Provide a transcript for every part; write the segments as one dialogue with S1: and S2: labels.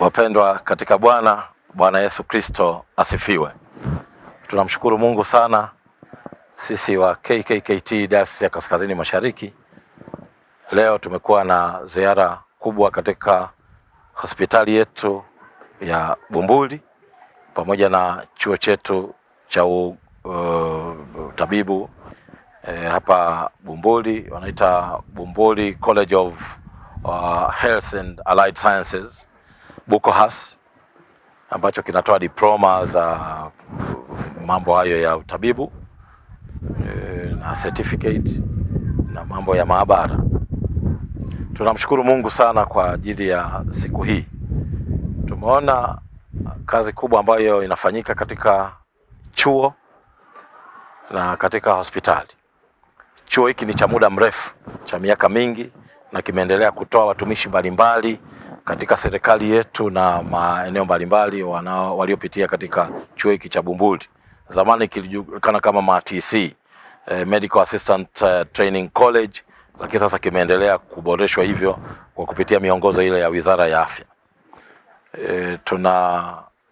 S1: Wapendwa katika Bwana, Bwana Yesu Kristo asifiwe. Tunamshukuru Mungu sana sisi wa KKKT Dayosisi ya Kaskazini Mashariki. Leo tumekuwa na ziara kubwa katika hospitali yetu ya Bumbuli pamoja na chuo chetu cha u, uh, tabibu e, eh, hapa Bumbuli wanaita Bumbuli College of uh, Health and Allied Sciences BUCOHAS ambacho kinatoa diploma za mambo hayo ya utabibu eh, na certificate na mambo ya maabara. Tunamshukuru Mungu sana kwa ajili ya siku hii. Tumeona kazi kubwa ambayo inafanyika katika chuo na katika hospitali. Chuo hiki ni cha muda mrefu, cha miaka mingi na kimeendelea kutoa watumishi mbalimbali katika serikali yetu na maeneo mbalimbali waliopitia katika chuo hiki cha Bumbuli, zamani kilijulikana kama MATC, eh, Medical Assistant eh, Training College, lakini sasa kimeendelea kuboreshwa hivyo kwa kupitia miongozo ile ya Wizara ya Afya. E, tuna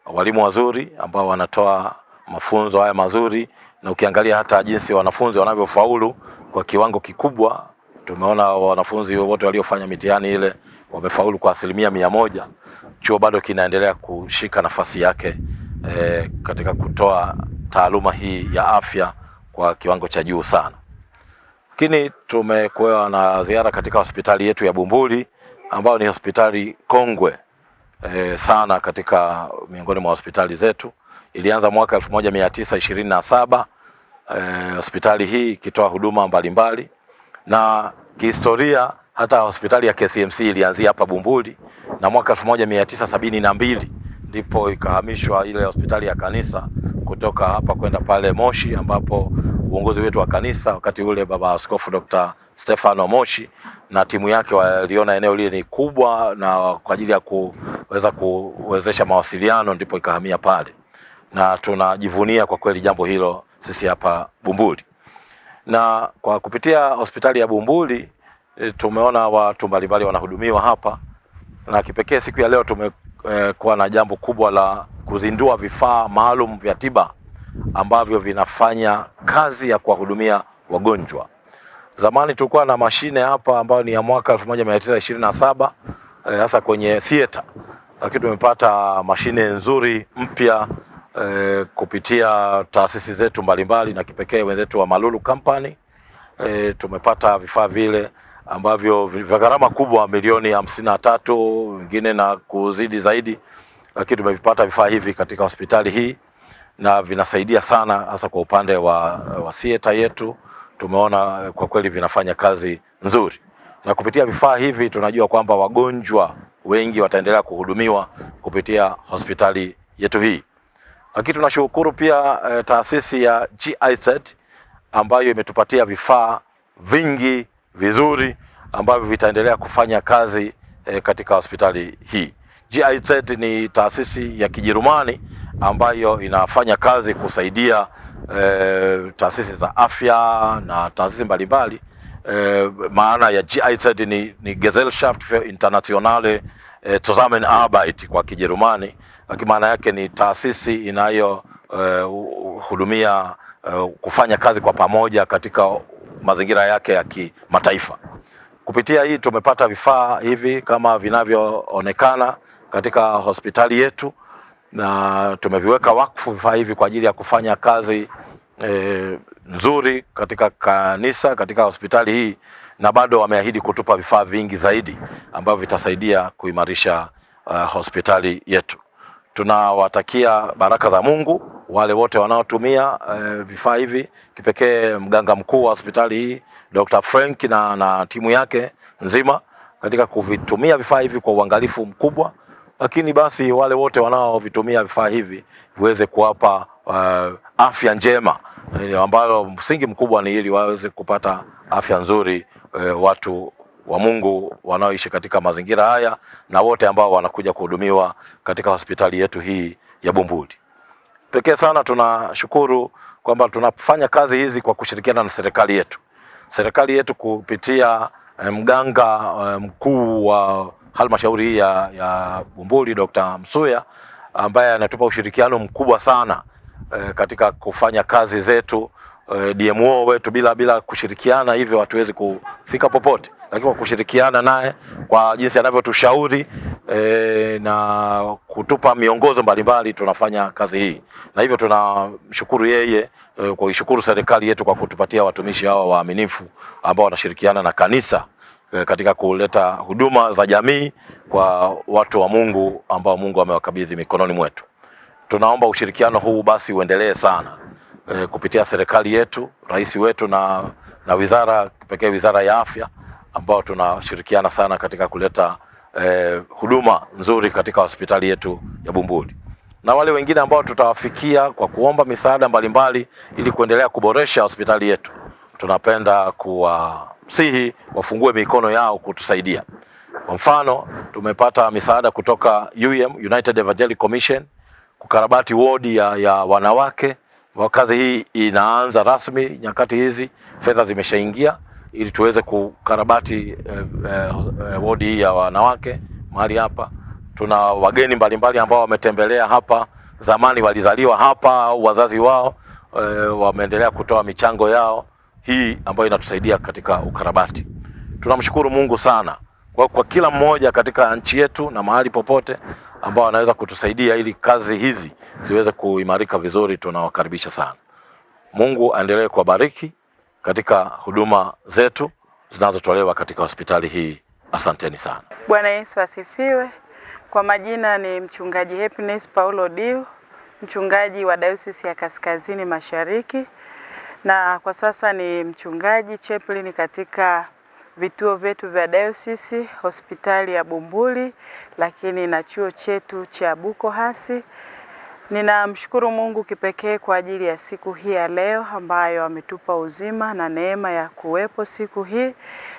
S1: walimu wazuri ambao wanatoa mafunzo haya mazuri, na ukiangalia hata jinsi wanafunzi wanavyofaulu kwa kiwango kikubwa, tumeona wanafunzi wote waliofanya mitihani ile wamefaulu kwa asilimia mia moja. Chuo bado kinaendelea kushika nafasi yake e, katika kutoa taaluma hii ya afya kwa kiwango cha juu sana. Lakini tumekuwa na ziara katika hospitali yetu ya Bumbuli ambayo ni hospitali kongwe e, sana katika miongoni mwa hospitali zetu. Ilianza mwaka elfu moja mia tisa ishirini na saba eh, hospitali hii ikitoa huduma mbalimbali mbali, na kihistoria hata hospitali ya KCMC ilianzia hapa Bumbuli na mwaka mbili ndipo ikahamishwa ile hospitali ya kanisa kutoka hapa kwenda pale Moshi, ambapo uongozi wetu wa kanisa wakati ule baba askofu Dr. Stefano Moshi na timu yake waliona eneo lile ni kubwa na kwa ajili ya kuweza kuwezesha mawasiliano, ndipo ikahamia pale, na tunajivunia kwa kweli jambo hilo sisi hapa Bumbuli, na kwa kupitia hospitali ya Bumbuli Eh, tumeona watu mbalimbali wanahudumiwa hapa, na kipekee siku ya leo tumekuwa eh, na jambo kubwa la kuzindua vifaa maalum vya tiba ambavyo vinafanya kazi ya kuwahudumia wagonjwa. Zamani tulikuwa na mashine hapa ambayo ni ya mwaka 1927 eh, hasa kwenye theater, lakini tumepata mashine nzuri mpya e, kupitia taasisi zetu mbalimbali na kipekee wenzetu wa Malulu Company e, tumepata vifaa vile ambavyo vya gharama kubwa milioni hamsini na tatu wengine na kuzidi zaidi, lakini tumevipata vifaa hivi katika hospitali hii na vinasaidia sana, hasa kwa upande wa, wa theater yetu. Tumeona kwa kweli vinafanya kazi nzuri, na kupitia vifaa hivi tunajua kwamba wagonjwa wengi wataendelea kuhudumiwa kupitia hospitali yetu hii. Lakini tunashukuru pia e, taasisi ya GIZ ambayo imetupatia vifaa vingi vizuri ambavyo vitaendelea kufanya kazi e, katika hospitali hii. GIZ ni taasisi ya Kijerumani ambayo inafanya kazi kusaidia e, taasisi za afya na taasisi mbalimbali e, maana ya GIZ ni, ni Gesellschaft für internationale e, Zusammenarbeit kwa Kijerumani, lakini maana yake ni taasisi inayo e, hudumia kufanya kazi kwa pamoja katika mazingira yake ya kimataifa. Kupitia hii tumepata vifaa hivi kama vinavyoonekana katika hospitali yetu, na tumeviweka wakfu vifaa hivi kwa ajili ya kufanya kazi e, nzuri katika kanisa, katika hospitali hii, na bado wameahidi kutupa vifaa vingi zaidi ambavyo vitasaidia kuimarisha uh, hospitali yetu. Tunawatakia baraka za Mungu wale wote wanaotumia e, vifaa hivi, kipekee mganga mkuu wa hospitali hii Dr. Frank na, na timu yake nzima katika kuvitumia vifaa hivi kwa uangalifu mkubwa, lakini basi wale wote wanaovitumia vifaa hivi viweze kuwapa uh, afya njema eh, ambayo msingi mkubwa ni ili waweze kupata afya nzuri uh, watu wa Mungu wanaoishi katika mazingira haya na wote ambao wanakuja kuhudumiwa katika hospitali yetu hii ya Bumbuli pekee sana tunashukuru kwamba tunafanya kazi hizi kwa kushirikiana na serikali yetu, serikali yetu kupitia eh, mganga eh, mkuu wa halmashauri hii ya, ya Bumbuli Dr. Msuya ambaye anatupa ushirikiano mkubwa sana eh, katika kufanya kazi zetu e, eh, DMO wetu bila bila kushirikiana hivyo hatuwezi kufika popote, lakini kwa kushirikiana naye kwa jinsi anavyotushauri e, na kutupa miongozo mbalimbali tunafanya kazi hii, na hivyo tunamshukuru yeye e, kuishukuru serikali yetu kwa kutupatia watumishi hawa waaminifu ambao wanashirikiana na kanisa katika kuleta huduma za jamii kwa watu wa Mungu ambao Mungu amewakabidhi mikononi mwetu. Tunaomba ushirikiano huu basi uendelee sana e, kupitia serikali yetu, rais wetu na, na wizara pekee, wizara ya afya ambao tunashirikiana sana katika kuleta e, huduma nzuri katika hospitali yetu ya Bumbuli na wale wengine ambao tutawafikia kwa kuomba misaada mbalimbali ili kuendelea kuboresha hospitali yetu. Tunapenda kuwasihi wafungue mikono yao kutusaidia. Kwa mfano, tumepata misaada kutoka UEM, United Evangelical Commission kukarabati wodi ya, ya wanawake kazi hii inaanza rasmi nyakati hizi, fedha zimeshaingia ili tuweze kukarabati eh, eh, eh, wodi hii ya wanawake mahali hapa. Tuna wageni mbalimbali ambao wametembelea hapa, zamani walizaliwa hapa au wazazi wao eh, wameendelea kutoa michango yao hii ambayo inatusaidia katika ukarabati. Tunamshukuru Mungu sana kwa, kwa kila mmoja katika nchi yetu na mahali popote ambao anaweza kutusaidia ili kazi hizi ziweze kuimarika vizuri. Tunawakaribisha sana. Mungu aendelee kuwabariki katika huduma zetu zinazotolewa katika hospitali hii. Asanteni sana.
S2: Bwana Yesu asifiwe. Kwa majina ni mchungaji Happiness Paulo Dio, mchungaji wa Dayosisi ya Kaskazini Mashariki, na kwa sasa ni mchungaji chaplain katika vituo vyetu vya dayosisi, hospitali ya Bumbuli, lakini na chuo chetu cha hasi Ninamshukuru Mungu kipekee kwa ajili ya siku hii ya leo ambayo ametupa uzima na neema ya kuwepo siku hii,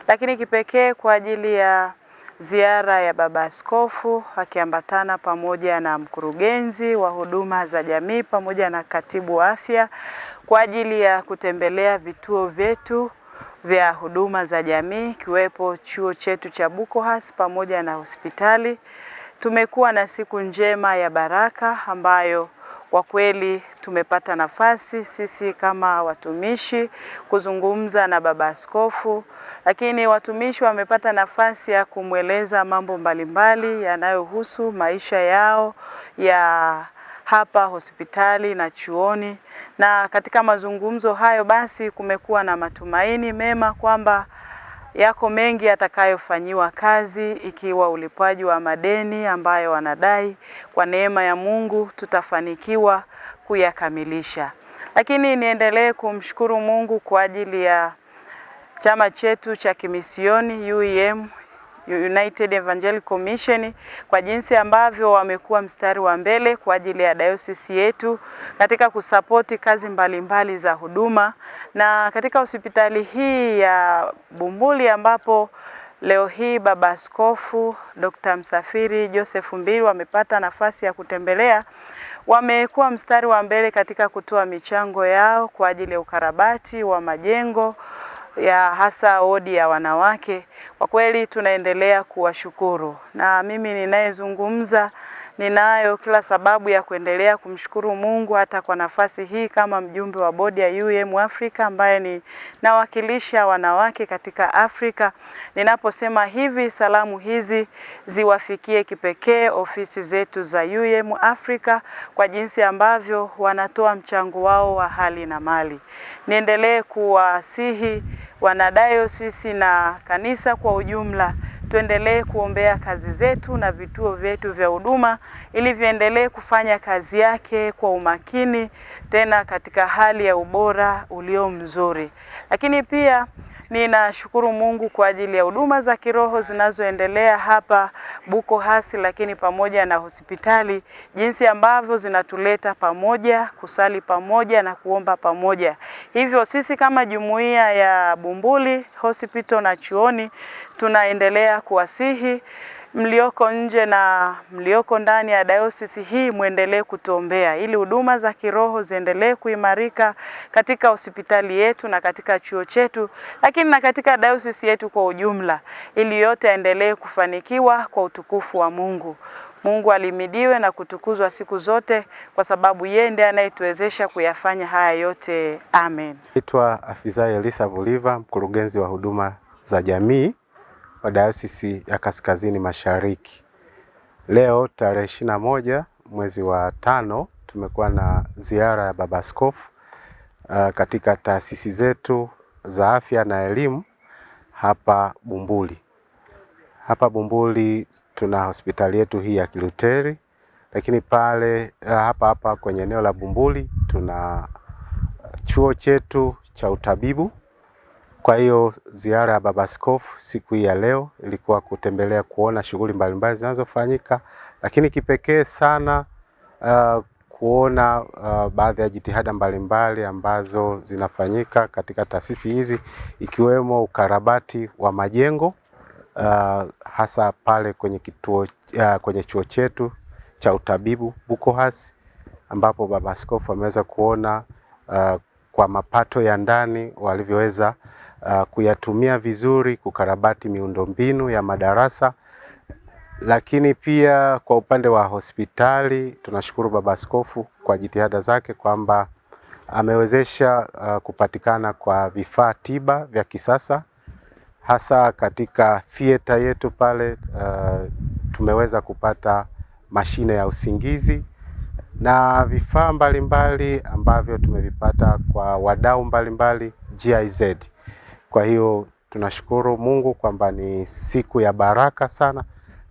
S2: lakini kipekee kwa ajili ya ziara ya Baba Askofu akiambatana pamoja na mkurugenzi wa huduma za jamii pamoja na katibu afya kwa ajili ya kutembelea vituo vyetu vya huduma za jamii ikiwepo chuo chetu cha Bukohas pamoja na hospitali. Tumekuwa na siku njema ya baraka ambayo kwa kweli tumepata nafasi sisi kama watumishi kuzungumza na baba askofu, lakini watumishi wamepata nafasi ya kumweleza mambo mbalimbali yanayohusu maisha yao ya hapa hospitali na chuoni, na katika mazungumzo hayo basi kumekuwa na matumaini mema kwamba yako mengi yatakayofanyiwa kazi ikiwa ulipaji wa madeni ambayo wanadai kwa neema ya Mungu tutafanikiwa kuyakamilisha. Lakini niendelee kumshukuru Mungu kwa ajili ya chama chetu cha kimisioni UEM United Evangelical Mission kwa jinsi ambavyo wamekuwa mstari wa mbele kwa ajili ya dayosisi yetu katika kusapoti kazi mbalimbali mbali za huduma, na katika hospitali hii ya Bumbuli ambapo leo hii Baba Askofu Dr. Msafiri Joseph Mbilu wamepata nafasi ya kutembelea, wamekuwa mstari wa mbele katika kutoa michango yao kwa ajili ya ukarabati wa majengo ya hasa wodi ya wanawake. Kwa kweli tunaendelea kuwashukuru, na mimi ninayezungumza Ninayo kila sababu ya kuendelea kumshukuru Mungu hata kwa nafasi hii kama mjumbe wa bodi ya UEM Africa ambaye ni nawakilisha wanawake katika Afrika. Ninaposema hivi, salamu hizi ziwafikie kipekee ofisi zetu za UEM Africa kwa jinsi ambavyo wanatoa mchango wao wa hali na mali. Niendelee kuwasihi wanadayosisi na kanisa kwa ujumla tuendelee kuombea kazi zetu na vituo vyetu vya huduma ili viendelee kufanya kazi yake kwa umakini, tena katika hali ya ubora ulio mzuri, lakini pia Ninashukuru Mungu kwa ajili ya huduma za kiroho zinazoendelea hapa buko hasi lakini pamoja na hospitali, jinsi ambavyo zinatuleta pamoja, kusali pamoja na kuomba pamoja. Hivyo sisi kama jumuiya ya Bumbuli Hospital na Chuoni tunaendelea kuwasihi mlioko nje na mlioko ndani ya dayosisi hii mwendelee kutuombea ili huduma za kiroho ziendelee kuimarika katika hospitali yetu na katika chuo chetu, lakini na katika dayosisi yetu kwa ujumla, ili yote aendelee kufanikiwa kwa utukufu wa Mungu. Mungu alimidiwe na kutukuzwa siku zote, kwa sababu yeye ndiye anayetuwezesha kuyafanya haya yote. Amen.
S3: Naitwa Afisa Elisa vuliva mkurugenzi wa huduma za jamii wa Dayosisi ya Kaskazini Mashariki. Leo tarehe ishirini na moja mwezi wa tano tumekuwa na ziara ya Baba Askofu uh, katika taasisi zetu za afya na elimu hapa Bumbuli. Hapa Bumbuli tuna hospitali yetu hii ya Kiluteri, lakini pale uh, hapa hapa kwenye eneo la Bumbuli tuna uh, chuo chetu cha utabibu kwa hiyo ziara ya Baba Askofu siku hii ya leo ilikuwa kutembelea kuona shughuli mbalimbali zinazofanyika, lakini kipekee sana uh, kuona uh, baadhi ya jitihada mbalimbali ambazo zinafanyika katika taasisi hizi ikiwemo ukarabati wa majengo uh, hasa pale kwenye kituo uh, kwenye chuo chetu cha utabibu Bukohas ambapo Baba Askofu ameweza kuona uh, kwa mapato ya ndani walivyoweza uh, kuyatumia vizuri, kukarabati miundombinu ya madarasa. Lakini pia kwa upande wa hospitali tunashukuru Baba Askofu kwa jitihada zake kwamba amewezesha uh, kupatikana kwa vifaa tiba vya kisasa hasa katika theater yetu pale uh, tumeweza kupata mashine ya usingizi na vifaa mbalimbali ambavyo tumevipata kwa wadau mbalimbali GIZ. Kwa hiyo tunashukuru Mungu kwamba ni siku ya baraka sana,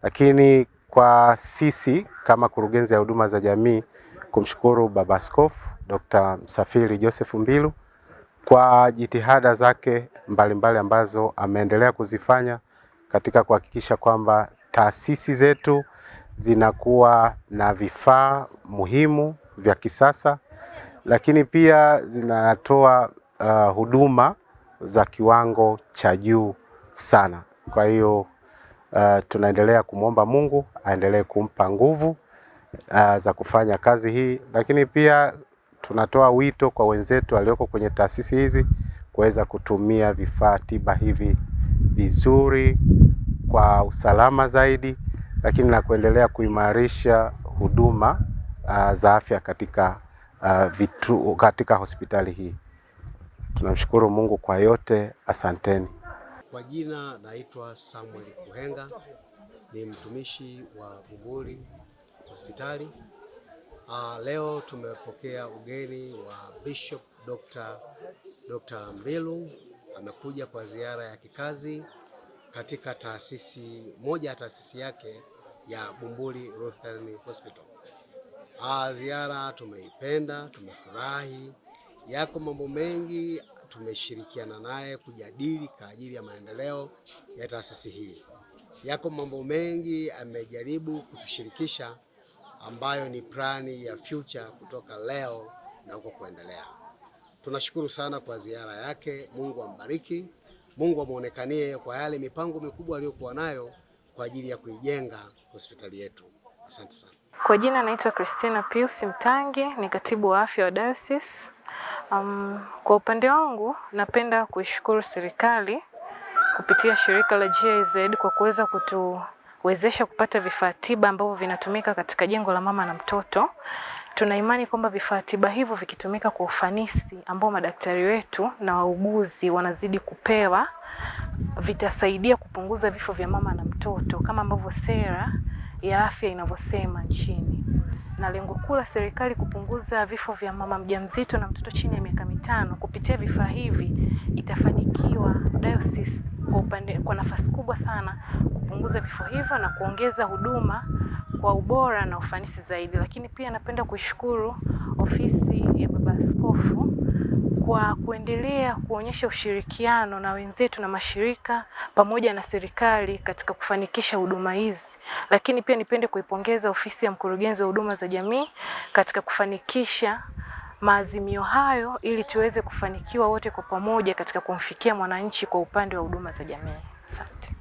S3: lakini kwa sisi kama kurugenzi ya huduma za jamii kumshukuru Baba Askofu Dr. Msafiri Joseph Mbilu kwa jitihada zake mbalimbali mbali ambazo ameendelea kuzifanya katika kuhakikisha kwamba taasisi zetu zinakuwa na vifaa muhimu vya kisasa, lakini pia zinatoa uh, huduma za kiwango cha juu sana. Kwa hiyo uh, tunaendelea kumwomba Mungu aendelee kumpa nguvu uh, za kufanya kazi hii, lakini pia tunatoa wito kwa wenzetu walioko kwenye taasisi hizi kuweza kutumia vifaa tiba hivi vizuri kwa usalama zaidi, lakini na kuendelea kuimarisha huduma uh, za afya katika, uh, vitu, katika hospitali hii. Tunamshukuru Mungu kwa yote, asanteni.
S4: Kwa jina naitwa Samuel Kuhenga, ni mtumishi wa Bumbuli hospitali. Uh, leo tumepokea ugeni wa Bishop Dr. Dr. Mbilu amekuja kwa ziara ya kikazi katika taasisi moja ya taasisi yake ya Bumbuli Lutheran Hospital. Ah, ziara tumeipenda, tumefurahi yako mambo mengi tumeshirikiana naye kujadili kwa ajili ya maendeleo ya taasisi hii. Yako mambo mengi amejaribu kutushirikisha ambayo ni plani ya future kutoka leo na huko kuendelea. Tunashukuru sana kwa ziara yake. Mungu ambariki, Mungu amuonekanie kwa yale mipango mikubwa aliyokuwa nayo kwa ajili ya kuijenga hospitali yetu. Asante sana.
S5: Kwa jina naitwa Christina Pius Mtangi, ni katibu wa afya wa Diocese. Um, kwa upande wangu napenda kuishukuru serikali kupitia shirika la GIZ kwa kuweza kutuwezesha kupata vifaa tiba ambavyo vinatumika katika jengo la mama na mtoto. Tuna imani kwamba vifaa tiba hivyo vikitumika kwa ufanisi ambao madaktari wetu na wauguzi wanazidi kupewa vitasaidia kupunguza vifo vya mama na mtoto kama ambavyo sera ya afya inavyosema nchini na lengo kuu la serikali kupunguza vifo vya mama mjamzito na mtoto chini ya miaka mitano kupitia vifaa hivi itafanikiwa Dayosisi kwa upande, kwa nafasi kubwa sana kupunguza vifo hivyo na kuongeza huduma kwa ubora na ufanisi zaidi. Lakini pia napenda kuishukuru ofisi ya Baba Askofu kwa kuendelea kuonyesha ushirikiano na wenzetu na mashirika pamoja na serikali katika kufanikisha huduma hizi. Lakini pia nipende kuipongeza ofisi ya mkurugenzi wa huduma za jamii katika kufanikisha maazimio hayo ili tuweze kufanikiwa wote kwa pamoja katika kumfikia mwananchi kwa upande wa huduma za jamii. Asante.